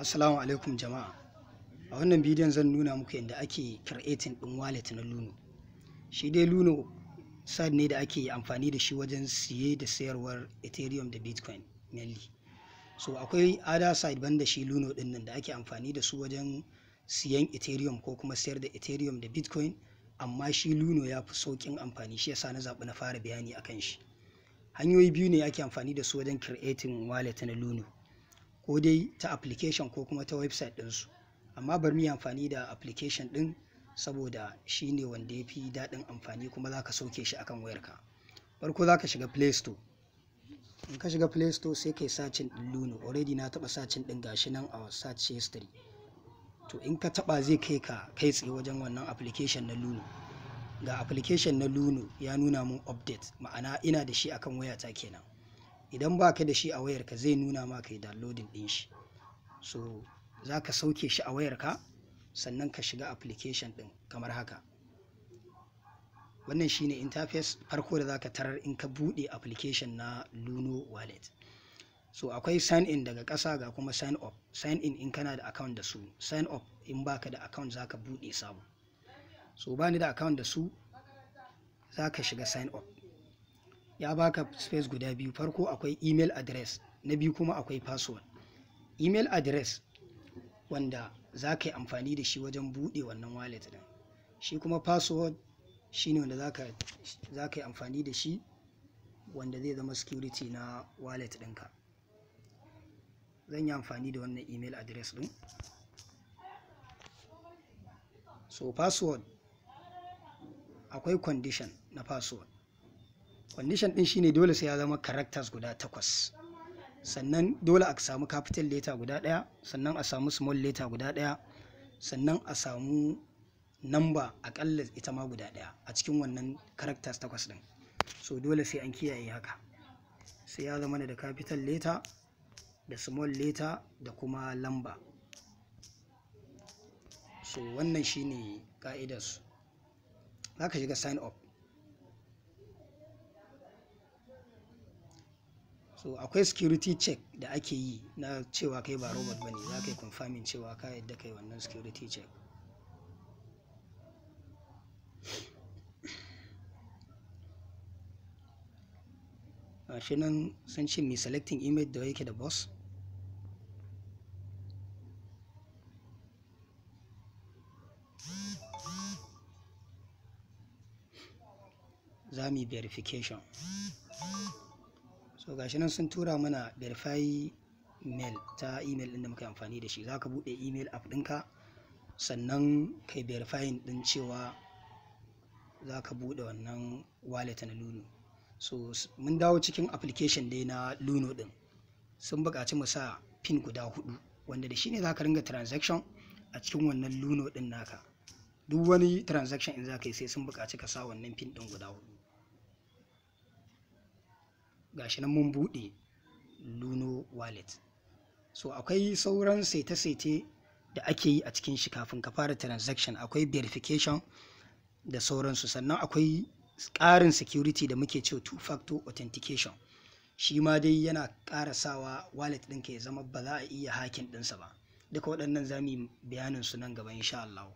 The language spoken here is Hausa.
Assalamu alaikum jama'a. A wannan bidiyon zan nuna muku yadda ake creating ɗin wallet na Luno. Shi dai Luno sad ne da ake amfani da shi wajen siye da sayarwar Ethereum da Bitcoin mainly. So akwai other side banda shi Luno ɗin nan da ake amfani da su wajen siyan Ethereum ko kuma sayar da Ethereum da Bitcoin amma shi Luno ya fi sauƙin amfani shi yasa na zaɓi na fara bayani akan shi. Hanyoyi biyu ne ake amfani da su wajen creating wallet na Luno. ko dai ta application ko kuma ta website ɗinsu amma bari mu amfani da application ɗin saboda shi ne wanda ya fi daɗin amfani kuma za ka sauke shi akan wayarka farko za ka shiga play store in ka shiga play store sai kai sacin ɗin luno already na taɓa sacin ɗin gashi nan a search history to in ka taɓa zai kai ka kai tsaye wajen wannan application na luno ga application na luno ya nuna mun update ma'ana ina da shi akan wayata kenan idan ba ka da shi a wayarka zai nuna ma ka yi downloading ɗin shi so za ka sauke shi a wayarka sannan ka shiga application ɗin kamar haka wannan shine interface farko da za ka tarar in ka buɗe application na luno wallet so akwai sign in daga ƙasa ga kuma sign up sign in in kana da account da su sign up in baka da account zaka buɗe sabo so bani da account da su zaka shiga sign up ya baka space guda biyu farko akwai email address na biyu kuma akwai password email address wanda za ka yi amfani da shi wajen buɗe wannan wallet din shi kuma password shi ne wanda za ka yi amfani da shi wanda zai zama security na wallet ɗinka zan yi amfani da wannan email address ɗin so password akwai condition na password condition din shine dole sai ya zama characters guda takwas sannan dole a samu capital letter guda daya sannan a samu small letter guda daya sannan a samu number akalla ita ma guda daya a cikin wannan characters takwas din so dole sai an kiyaye haka sai ya zama da capital letter da small letter da kuma lamba so wannan shine ka'idarsu za ka shiga sign up so akwai security check da ake yi na cewa kai ba robot ba ne za ka yi confirming cewa ka yadda kai wannan security check shi nan sun ce mai selecting image da yake da boss za mu yi verification so gashi nan sun tura mana verify mail ta email din da muka amfani da shi za ka buɗe email app ka sannan kai verifying ɗin cewa za ka buɗe wannan wallet na luno so mun dawo cikin application dai na luno ɗin sun buƙaci mu sa pin guda hudu wanda da shi ne za ka ringa transaction a cikin wannan luno ɗin naka duk wani transaction in za ka yi sai sun buƙaci ka sa wannan pin ɗin guda hudu gashi nan mun buɗe luno wallet so akwai sauran saita-saita da ake yi a cikin shi kafin ka fara transaction akwai verification da sauransu sannan akwai ƙarin security da muke cewa two-factor authentication shi ma dai yana ƙara sawa wallet ɗinka ya zama ba za a iya hakin ɗinsa ba duka waɗannan zamu yi bayanin su nan gaba insha Allah